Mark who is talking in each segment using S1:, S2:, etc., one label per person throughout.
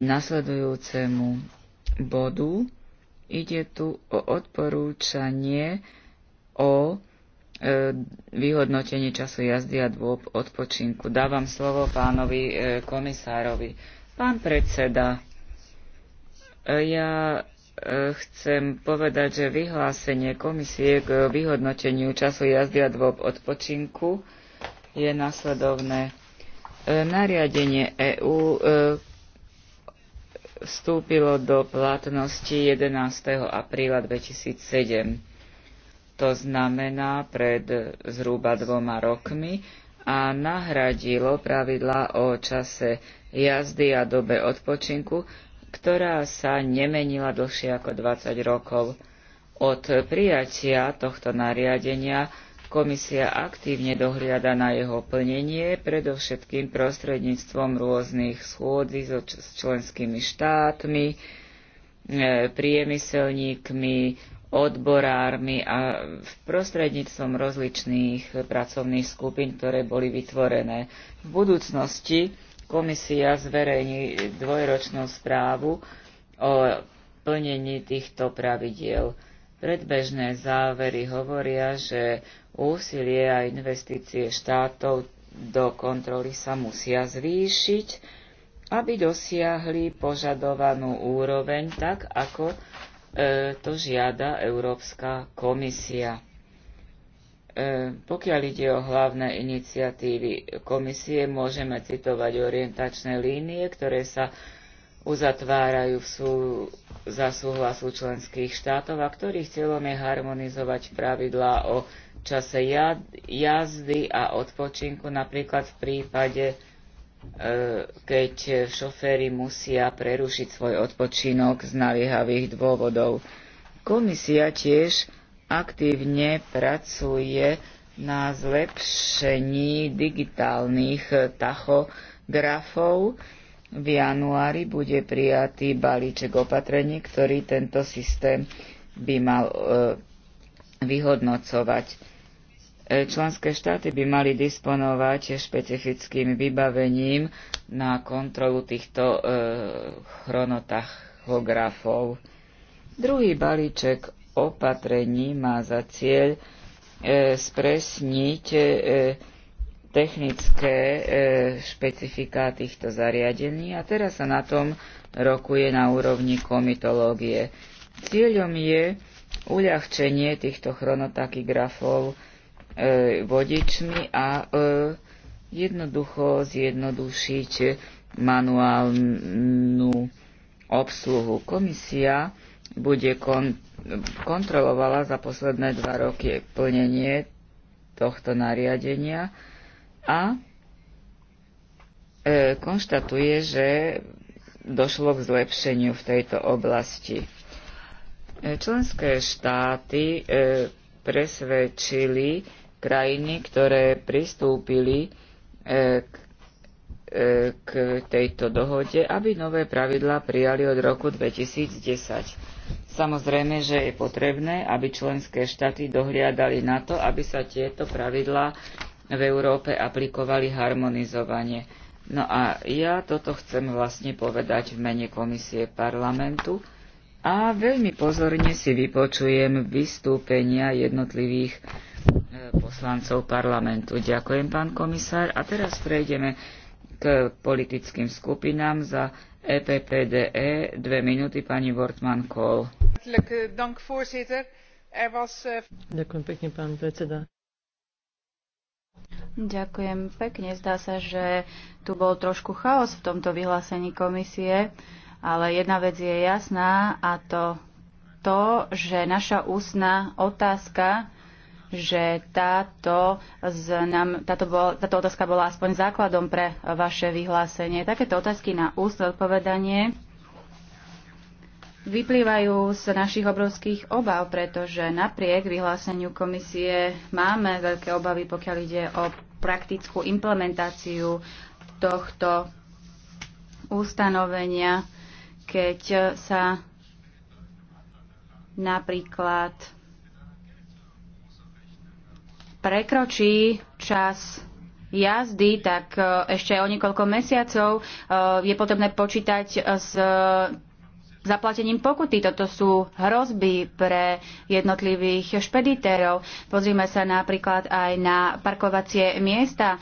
S1: nasledujúcemu bodu. Ide tu o odporúčanie o e, vyhodnotenie vyhodnotení času jazdy a dôb odpočinku. Dávam slovo pánovi e, komisárovi. Pán predseda, e, ja chcem povedať, že vyhlásenie komisie k vyhodnoteniu času jazdy a dôb odpočinku je nasledovné. Nariadenie EÚ vstúpilo do platnosti 11. apríla 2007. To znamená pred zhruba dvoma rokmi a nahradilo pravidla o čase jazdy a dobe odpočinku, ktorá sa nemenila dlhšie ako 20 rokov. Od prijatia tohto nariadenia Komisia aktívne dohliada na jeho plnenie, predovšetkým prostredníctvom rôznych schôdzi so s členskými štátmi, e, priemyselníkmi, odborármi a prostredníctvom rozličných pracovných skupín, ktoré boli vytvorené. V budúcnosti komisia zverejní dvojročnú správu o plnení týchto pravidiel. Predbežné závery hovoria, že úsilie a investície štátov do kontroly sa musia zvýšiť, aby dosiahli požadovanú úroveň tak, ako e, to žiada Európska komisia. E, pokiaľ ide o hlavné iniciatívy komisie, môžeme citovať orientačné línie, ktoré sa uzatvárajú v sú, za súhlasu členských štátov a ktorých cieľom je harmonizovať pravidlá o čase jazdy a odpočinku, napríklad v prípade, e, keď šoféry musia prerušiť svoj odpočinok z naliehavých dôvodov. Komisia tiež aktívne pracuje na zlepšení digitálnych tachografov, v januári bude prijatý balíček opatrení, ktorý tento systém by mal e, vyhodnocovať. E, členské štáty by mali disponovať špecifickým vybavením na kontrolu týchto e, chronotachografov. Druhý balíček opatrení má za cieľ spresniť technické e, špecifiká týchto zariadení a teraz sa na tom rokuje na úrovni komitológie. Cieľom je uľahčenie týchto chronotakigrafov e, vodičmi a e, jednoducho zjednodušiť manuálnu obsluhu. Komisia bude kon- kontrolovala za posledné dva roky plnenie tohto nariadenia a e, konštatuje, že došlo k zlepšeniu v tejto oblasti. E, členské štáty e, presvedčili krajiny, ktoré pristúpili e, k tejto dohode, aby nové pravidlá prijali od roku 2010. Samozrejme, že je potrebné, aby členské štáty dohliadali na to, aby sa tieto pravidlá v Európe aplikovali harmonizovanie. No a ja toto chcem vlastne povedať v mene komisie parlamentu a veľmi pozorne si vypočujem vystúpenia jednotlivých e, poslancov parlamentu. Ďakujem, pán komisár. A teraz prejdeme k politickým skupinám za EPPDE. E. Dve minúty, pani Wortmann-Kohl. Eh, er eh,
S2: Ďakujem pekne, pán predseda.
S3: Ďakujem pekne. Zdá sa, že tu bol trošku chaos v tomto vyhlásení komisie, ale jedna vec je jasná a to to, že naša ústna otázka že táto, nám, táto, bol, táto otázka bola aspoň základom pre vaše vyhlásenie. Takéto otázky na ústne odpovedanie vyplývajú z našich obrovských obav, pretože napriek vyhláseniu komisie máme veľké obavy, pokiaľ ide o praktickú implementáciu tohto ustanovenia, keď sa napríklad prekročí čas jazdy, tak ešte o niekoľko mesiacov eh, je potrebné počítať s zaplatením pokuty. Toto sú hrozby pre jednotlivých špeditérov. Pozrime sa napríklad aj na parkovacie miesta e,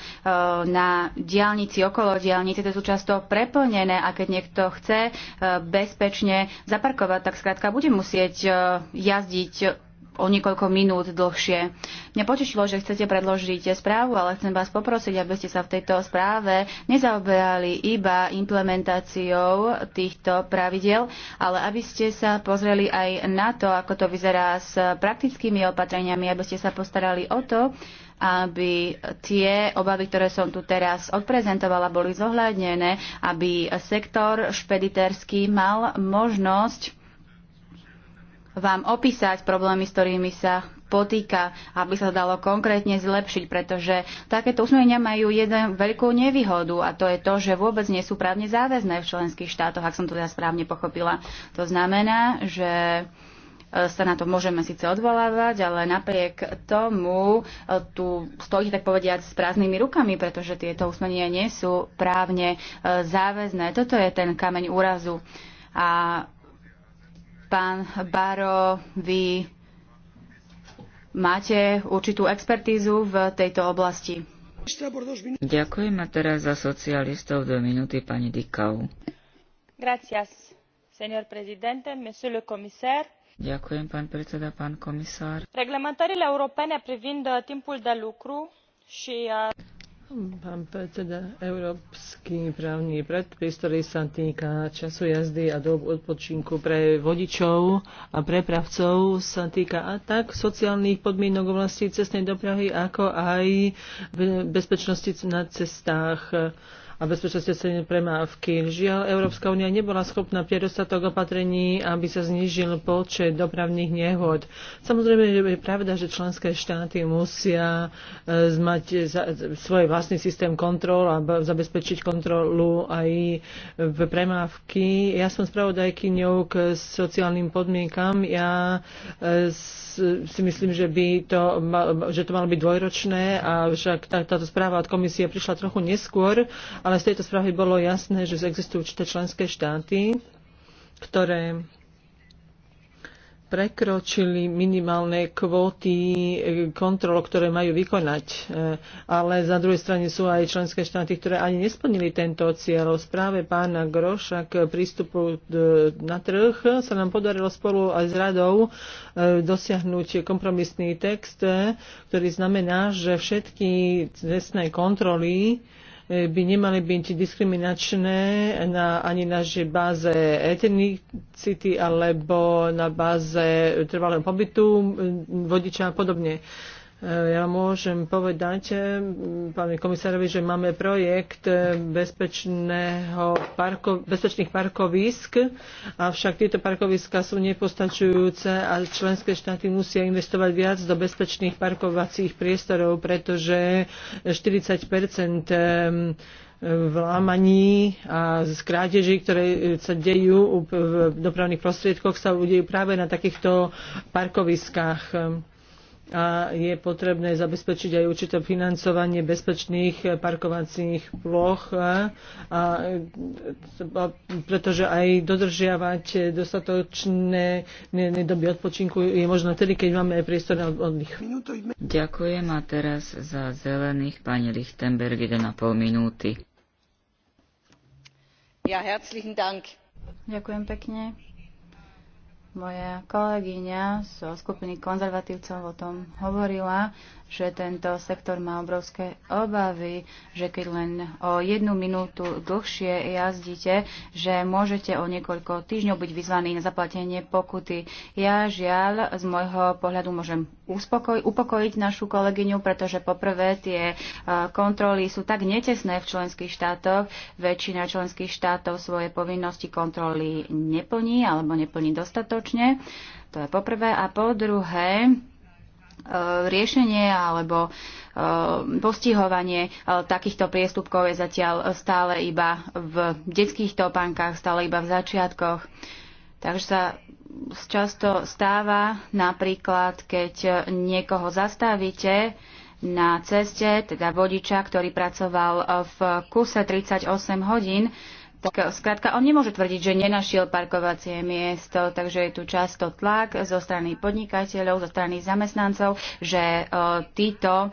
S3: na diálnici, okolo diálnice. To sú často preplnené a keď niekto chce e, bezpečne zaparkovať, tak skrátka bude musieť e, jazdiť o niekoľko minút dlhšie. Mňa potešilo, že chcete predložiť správu, ale chcem vás poprosiť, aby ste sa v tejto správe nezaoberali iba implementáciou týchto pravidel, ale aby ste sa pozreli aj na to, ako to vyzerá s praktickými opatreniami, aby ste sa postarali o to, aby tie obavy, ktoré som tu teraz odprezentovala, boli zohľadnené, aby sektor špediterský mal možnosť vám opísať problémy, s ktorými sa potýka, aby sa dalo konkrétne zlepšiť, pretože takéto usmerenia majú jeden veľkú nevýhodu a to je to, že vôbec nie sú právne záväzné v členských štátoch, ak som to teda správne pochopila. To znamená, že e, sa na to môžeme síce odvolávať, ale napriek tomu e, tu stojí, tak povediať, s prázdnymi rukami, pretože tieto usmenia nie sú právne e, záväzné. Toto je ten kameň úrazu. A Pán Baro, vy máte určitú expertízu v tejto oblasti.
S1: Ďakujem a teraz za socialistov do minúty pani Dikau.
S3: Gracias, monsieur le commissaire.
S1: Ďakujem, pán predseda, pán komisár.
S3: Reglementările europene privind timpul de lucru și uh,
S2: Pán predseda, európsky právny predpis, ktorý sa týka času jazdy a dob odpočinku pre vodičov a prepravcov, sa týka a tak sociálnych podmienok oblasti cestnej dopravy, ako aj bezpečnosti na cestách a bezpečnosti premávky. Žiaľ, Európska únia nebola schopná prijať dostatok opatrení, aby sa znížil počet dopravných nehod. Samozrejme, že je pravda, že členské štáty musia e, mať svoj vlastný systém kontrol a zabezpečiť kontrolu aj v premávky. Ja som spravodajkyňou k sociálnym podmienkam. Ja e, si myslím, že, by to, že to malo byť dvojročné a však tá, táto správa od komisie prišla trochu neskôr ale z tejto správy bolo jasné, že existujú určité členské štáty, ktoré prekročili minimálne kvóty e, kontrol, ktoré majú vykonať. E, ale za druhej strane sú aj členské štáty, ktoré ani nesplnili tento cieľ. Správe pána Groša k prístupu e, na trh sa nám podarilo spolu aj s radou dosiahnuť kompromisný text, ktorý znamená, že všetky cestné kontroly E, by nemali byť diskriminačné na, ani na že báze etnicity alebo na báze trvalého pobytu vodiča a podobne. Eh, ja môžem povedať eh, pánovi komisárovi, že máme projekt eh, bezpečného parko, bezpečných parkovisk, avšak tieto parkoviska sú nepostačujúce a členské štáty musia investovať viac do bezpečných parkovacích priestorov, pretože 40 vlámaní a z krádeží, ktoré sa dejú v dopravných prostriedkoch, sa udejú práve na takýchto parkoviskách a je potrebné zabezpečiť aj určité financovanie bezpečných parkovacích ploch, a, a, pretože aj dodržiavať dostatočné doby odpočinku je možno tedy, keď máme
S1: aj priestor na oddych. Ďakujem a teraz za zelených pani Lichtenberg 1,5 minúty.
S3: Ja, herzlichen Dank. Ďakujem pekne. Moja kolegyňa zo skupiny konzervatívcov o tom hovorila že tento sektor má obrovské obavy, že keď len o jednu minútu dlhšie jazdíte, že môžete o niekoľko týždňov byť vyzvaní na zaplatenie pokuty. Ja žiaľ z môjho pohľadu môžem uspokoj, upokojiť našu kolegyňu, pretože poprvé tie e, kontroly sú tak netesné v členských štátoch, väčšina členských štátov svoje povinnosti kontroly neplní alebo neplní dostatočne. To je poprvé. A po druhé, E, riešenie alebo e, postihovanie e, takýchto priestupkov je zatiaľ stále iba v detských topánkach, stále iba v začiatkoch. Takže sa často stáva napríklad, keď niekoho zastavíte na ceste, teda vodiča, ktorý pracoval v kuse 38 hodín, tak skrátka on nemôže tvrdiť, že nenašiel parkovacie miesto, takže je tu často tlak zo strany podnikateľov, zo strany zamestnancov, že uh, títo uh,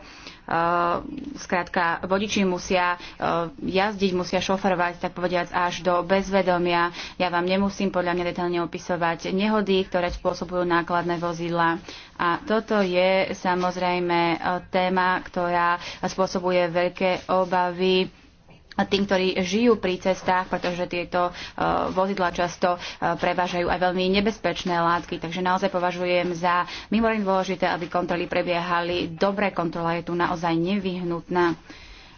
S3: skrátka vodiči musia uh, jazdiť, musia šoferovať, tak povediac, až do bezvedomia. Ja vám nemusím podľa mňa detailne opisovať nehody, ktoré spôsobujú nákladné vozidla. A toto je samozrejme téma, ktorá spôsobuje veľké obavy tým, ktorí žijú pri cestách, pretože tieto e, vozidla často e, prevážajú aj veľmi nebezpečné látky. Takže naozaj považujem za mimoriadne dôležité, aby kontroly prebiehali. Dobré kontrola je tu naozaj nevyhnutná.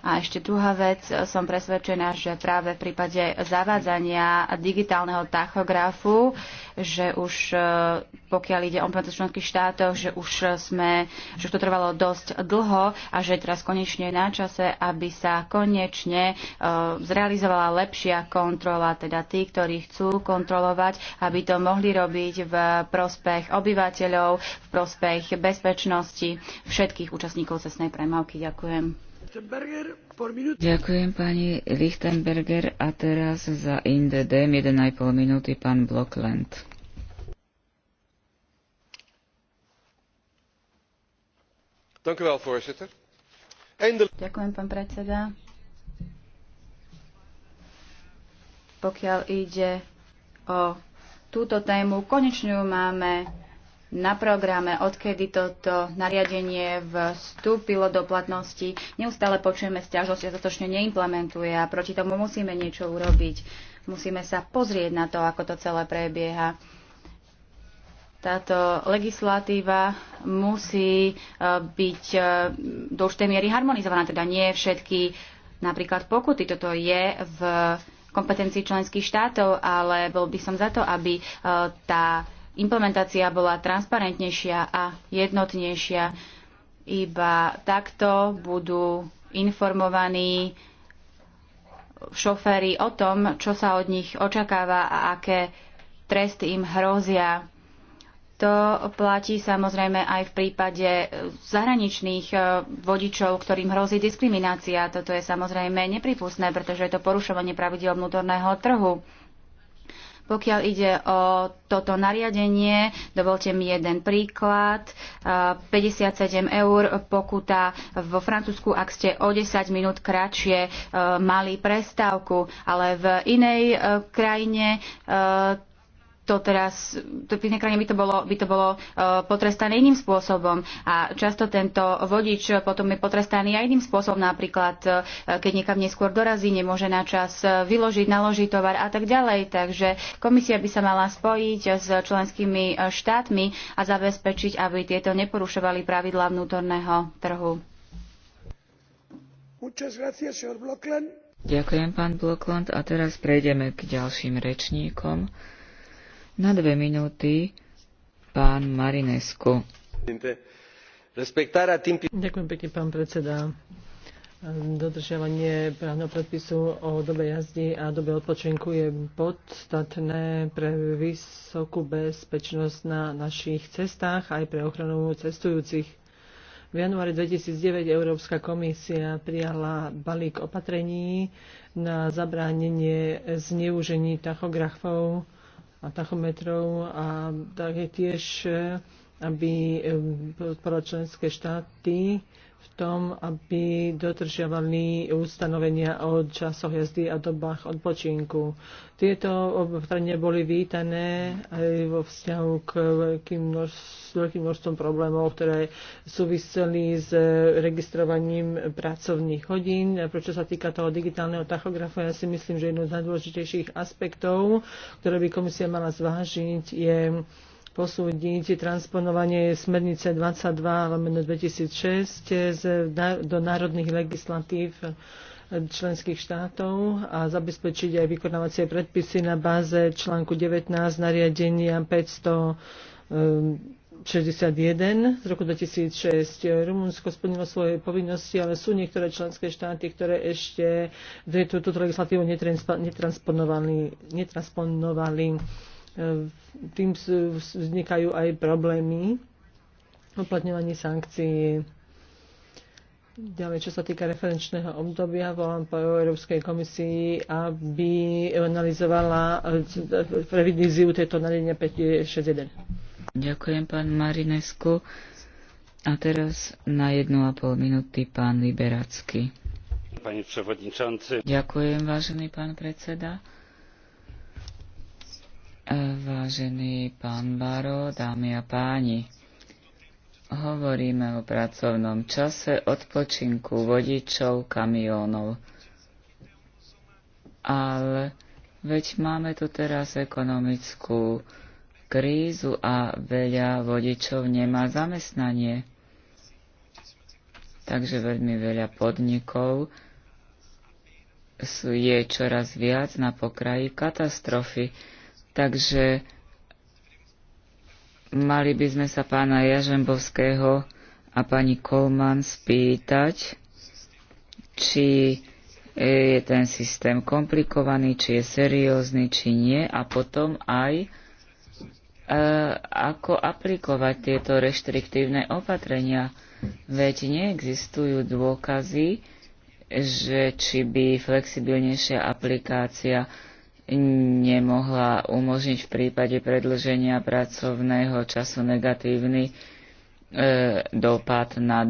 S3: A ešte druhá vec, som presvedčená, že práve v prípade zavádzania digitálneho tachografu, že už e, pokiaľ ide o členských štátoch, že už sme, že už to trvalo dosť dlho a že teraz konečne je na čase, aby sa konečne e, zrealizovala lepšia kontrola, teda tí, ktorí chcú kontrolovať, aby to mohli robiť v prospech obyvateľov, v prospech bezpečnosti všetkých účastníkov cestnej premávky. Ďakujem. Ďakujem
S1: pani Lichtenberger a teraz za INDD 1,5 minúty pán Blokland.
S3: Ďakujem, pán predseda. Pokiaľ ide o túto tému, konečne ju máme na programe, odkedy toto nariadenie vstúpilo do platnosti. Neustále počujeme stiažnosti a točne neimplementuje a proti tomu musíme niečo urobiť. Musíme sa pozrieť na to, ako to celé prebieha. Táto legislatíva musí e, byť e, do určitej miery harmonizovaná, teda nie všetky napríklad pokuty. Toto je v kompetencii členských štátov, ale bol by som za to, aby e, tá implementácia bola transparentnejšia a jednotnejšia. Iba takto budú informovaní šoféry o tom, čo sa od nich očakáva a aké tresty im hrozia. To platí samozrejme aj v prípade zahraničných e, vodičov, ktorým hrozí diskriminácia. Toto je samozrejme nepripustné, pretože je to porušovanie pravidel vnútorného trhu. Pokiaľ ide o toto nariadenie, dovolte mi jeden príklad. 57 eur pokuta vo Francúzsku, ak ste o 10 minút kratšie e, mali prestávku, ale v inej e, krajine e, to teraz, to v krajine by to bolo, by to bolo e, potrestané iným spôsobom. A často tento vodič potom je potrestaný aj iným spôsobom, napríklad e, keď niekam neskôr dorazí, nemôže na čas e, vyložiť, naložiť tovar a tak ďalej. Takže komisia by sa mala spojiť s členskými štátmi a zabezpečiť, aby tieto neporušovali pravidla vnútorného trhu.
S1: Ďakujem, pán Blokland. A teraz prejdeme k ďalším rečníkom. Na dve minúty pán Marinesko.
S2: Ďakujem pekne, pán predseda dodržiavanie právneho predpisu o dobe jazdy a dobe odpočinku je podstatné pre vysokú bezpečnosť na našich cestách aj pre ochranu cestujúcich. V januári 2009 Európska komisia prijala balík opatrení na zabránenie zneužení tachografov a tachometrov a tak je tiež aby podporoval členské štáty v tom, aby dotržiavali ustanovenia o časoch jazdy a dobách odpočinku. Tieto opatrenia boli vítané aj vo vzťahu k veľkým, množ, veľkým množstvom problémov, ktoré súviseli s registrovaním pracovných hodín. Prečo sa týka toho digitálneho tachografu, ja si myslím, že jedno z najdôležitejších aspektov, ktoré by komisia mala zvážiť, je posúdiť transponovanie smernice 22 2006 do národných legislatív členských štátov a zabezpečiť aj vykonávacie predpisy na báze článku 19 nariadenia 561 ehm, z roku 2006. Rumunsko splnilo svoje povinnosti, ale sú niektoré členské štáty, ktoré ešte túto legislatívu netransponovali. netransponovali tým vznikajú aj problémy uplatňovanie sankcií. Ďalej, čo sa týka referenčného obdobia, volám po Európskej komisii, aby analyzovala eh, revidíziu tejto nariadenia 561.
S1: Ďakujem, pán Marinesku. A teraz na jednu a pol minúty pán Liberacký. Pani Ďakujem, vážený pán predseda. Vážený pán Baro, dámy a páni, hovoríme o pracovnom čase odpočinku vodičov kamionov. Ale veď máme tu teraz ekonomickú krízu a veľa vodičov nemá zamestnanie. Takže veľmi veľa podnikov sú, je čoraz viac na pokraji katastrofy Takže mali by sme sa pána Jažembovského a pani Kolman spýtať, či e, je ten systém komplikovaný, či je seriózny, či nie a potom aj e, ako aplikovať tieto reštriktívne opatrenia. Veď neexistujú dôkazy, že či by flexibilnejšia aplikácia nemohla umožniť v prípade predlženia pracovného času negatívny e, dopad na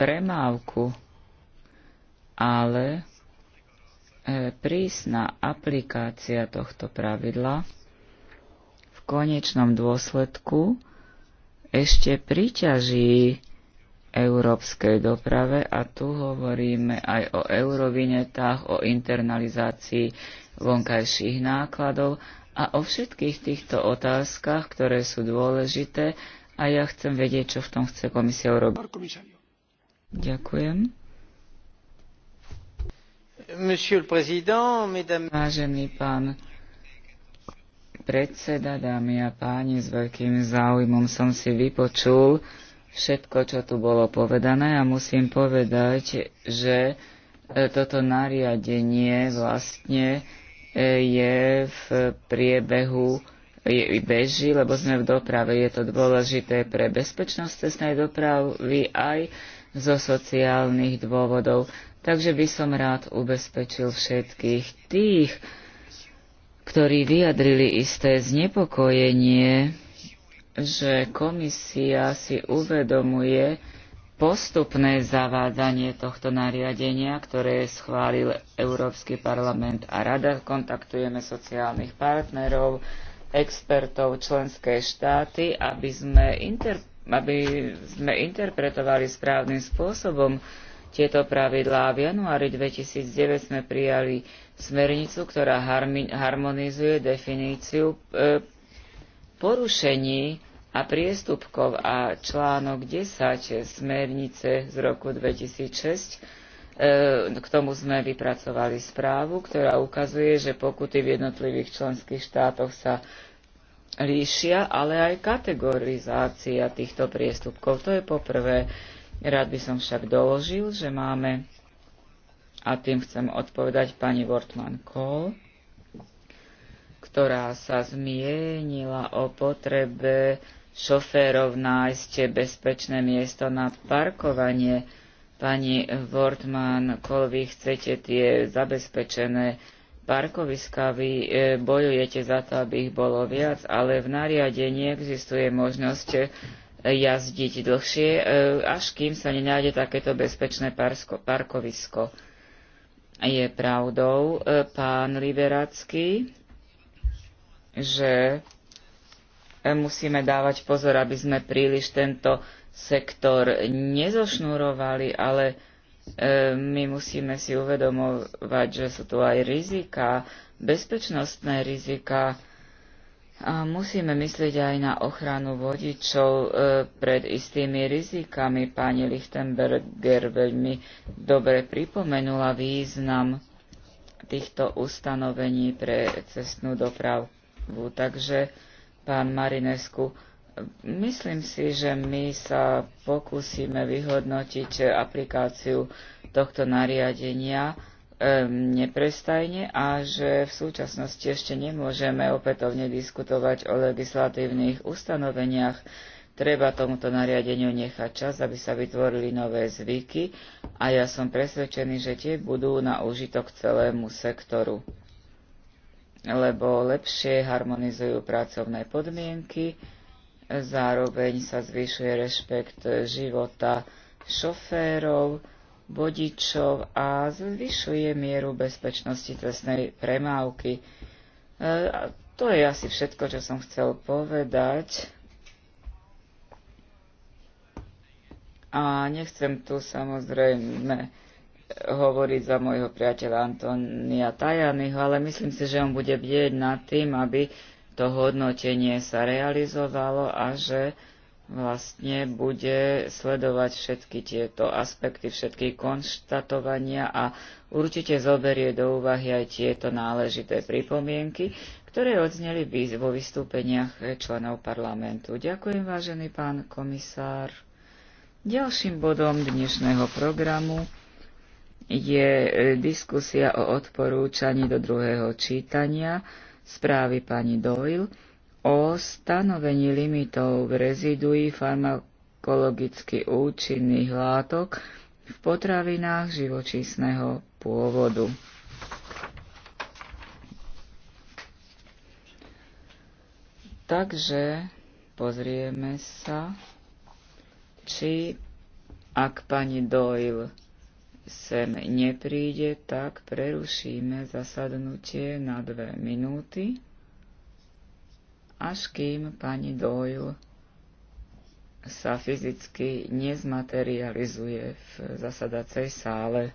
S1: premávku, ale e, prísna aplikácia tohto pravidla v konečnom dôsledku ešte priťaží európskej doprave a tu hovoríme aj o eurovinetách, o internalizácii vonkajších nákladov a o všetkých týchto otázkach, ktoré sú dôležité a ja chcem vedieť, čo v tom chce komisia urobiť. Ďakujem. Vážený pán predseda, dámy a páni, s veľkým záujmom som si vypočul, všetko, čo tu bolo povedané a musím povedať, že e, toto nariadenie vlastne e, je v priebehu je, beží, lebo sme v doprave. Je to dôležité pre bezpečnosť cestnej dopravy aj zo sociálnych dôvodov. Takže by som rád ubezpečil všetkých tých, ktorí vyjadrili isté znepokojenie že komisia si uvedomuje postupné zavádzanie tohto nariadenia, ktoré schválil Európsky parlament a rada. Kontaktujeme sociálnych partnerov, expertov, členské štáty, aby sme, inter, aby sme interpretovali správnym spôsobom tieto pravidlá. V januári 2009 sme prijali smernicu, ktorá harmonizuje definíciu e, porušení a priestupkov a článok 10 smernice z roku 2006. E, k tomu sme vypracovali správu, ktorá ukazuje, že pokuty v jednotlivých členských štátoch sa líšia, ale aj kategorizácia týchto priestupkov. To je poprvé. Rád by som však doložil, že máme, a tým chcem odpovedať pani Wortman Kohl, ktorá sa zmienila o potrebe šoférov nájsť bezpečné miesto na parkovanie. Pani Wortmann, koľ vy chcete tie zabezpečené parkoviska, vy e, bojujete za to, aby ich bolo viac, ale v nariadení existuje možnosť e, jazdiť dlhšie, e, až kým sa nenájde takéto bezpečné parkovisko. Je pravdou, pán Liberacký, že e, musíme dávať pozor, aby sme príliš tento sektor nezošnurovali, ale e, my musíme si uvedomovať, že sú tu aj rizika, bezpečnostné rizika a musíme myslieť aj na ochranu vodičov e, pred istými rizikami. Pani Lichtenberger veľmi dobre pripomenula význam týchto ustanovení pre cestnú dopravu modlitbu. Takže, pán Marinesku, myslím si, že my sa pokúsime vyhodnotiť aplikáciu tohto nariadenia neprestajne a že v súčasnosti ešte nemôžeme opätovne diskutovať o legislatívnych ustanoveniach. Treba tomuto nariadeniu nechať čas, aby sa vytvorili nové zvyky a ja som presvedčený, že tie budú na užitok celému sektoru lebo lepšie harmonizujú pracovné podmienky, zároveň sa zvyšuje rešpekt života šoférov, vodičov a zvyšuje mieru bezpečnosti cestnej premávky. E, a to je asi všetko, čo som chcel povedať. A nechcem tu samozrejme hovoriť za môjho priateľa Antonia Tajanyho, ale myslím si, že on bude bieť nad tým, aby to hodnotenie sa realizovalo a že vlastne bude sledovať všetky tieto aspekty, všetky konštatovania a určite zoberie do úvahy aj tieto náležité pripomienky, ktoré odzneli vo vystúpeniach členov parlamentu. Ďakujem, vážený pán komisár. Ďalším bodom dnešného programu je e, diskusia o odporúčaní do druhého čítania správy pani Doyle o stanovení limitov v reziduí farmakologicky účinných látok v potravinách živočísneho pôvodu. Takže pozrieme sa, či ak pani Doyle sem nepríde, tak prerušíme zasadnutie na dve minúty, až kým pani Doyle sa fyzicky nezmaterializuje v zasadacej sále.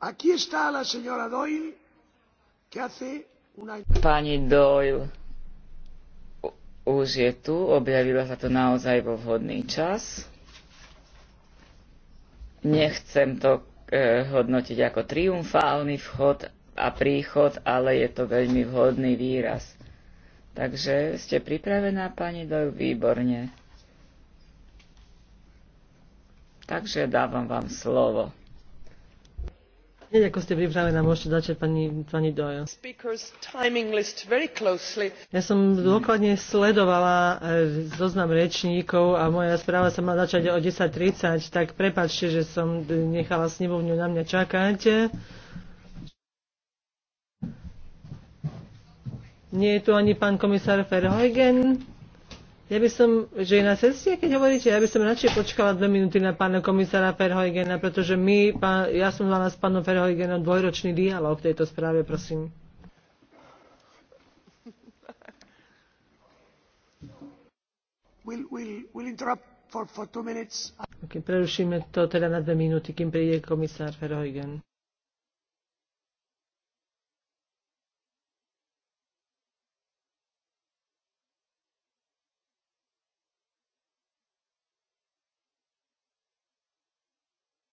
S2: Aquí está la señora Doyle, que hace una...
S1: Pani Doyle už je tu, objavilo sa to naozaj vo vhodný čas. Nechcem to e, hodnotiť ako triumfálny vchod a príchod, ale je to veľmi vhodný výraz. Takže ste pripravená, pani Doj, výborne. Takže dávam vám slovo. Hneď ako ste
S2: pripravená, môžete začať pani, pani Doyle. Ja som dôkladne sledovala eh, zoznam rečníkov a moja správa sa má začať o 10.30, tak prepačte, že som nechala snemovňu na mňa čakať. Nie je tu ani pán komisár Verheugen. Ja by som, že je na ceste, keď hovoríte, ja by som radšej počkala dve minúty na pána komisára Ferhojgena, pretože my, pán, ja som mala s pánom Ferhojgenom dvojročný dialog v tejto správe, prosím. We'll, we'll, we'll for, for okay, prerušíme to teda na dve minúty, kým príde komisár Ferhojgen.